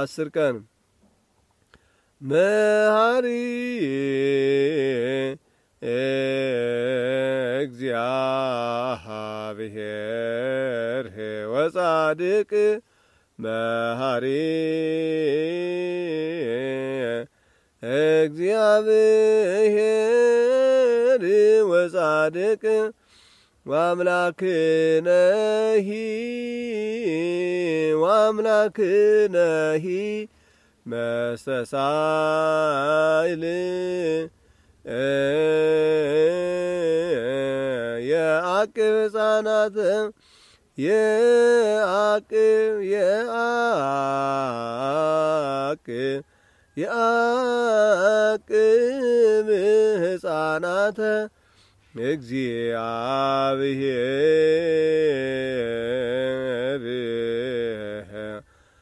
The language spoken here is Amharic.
አስር ቀን መሃሪ እግዚአብሔር ወጻድቅ መሃሪ እግዚአብሔር ወጻድቅ ወአምላክነሂ አምላክነሂ መስተሳይል የአቅብ ሕፃናት የአቅብ የአቅ የአቅብ ሕፃናት እግዚአብሔር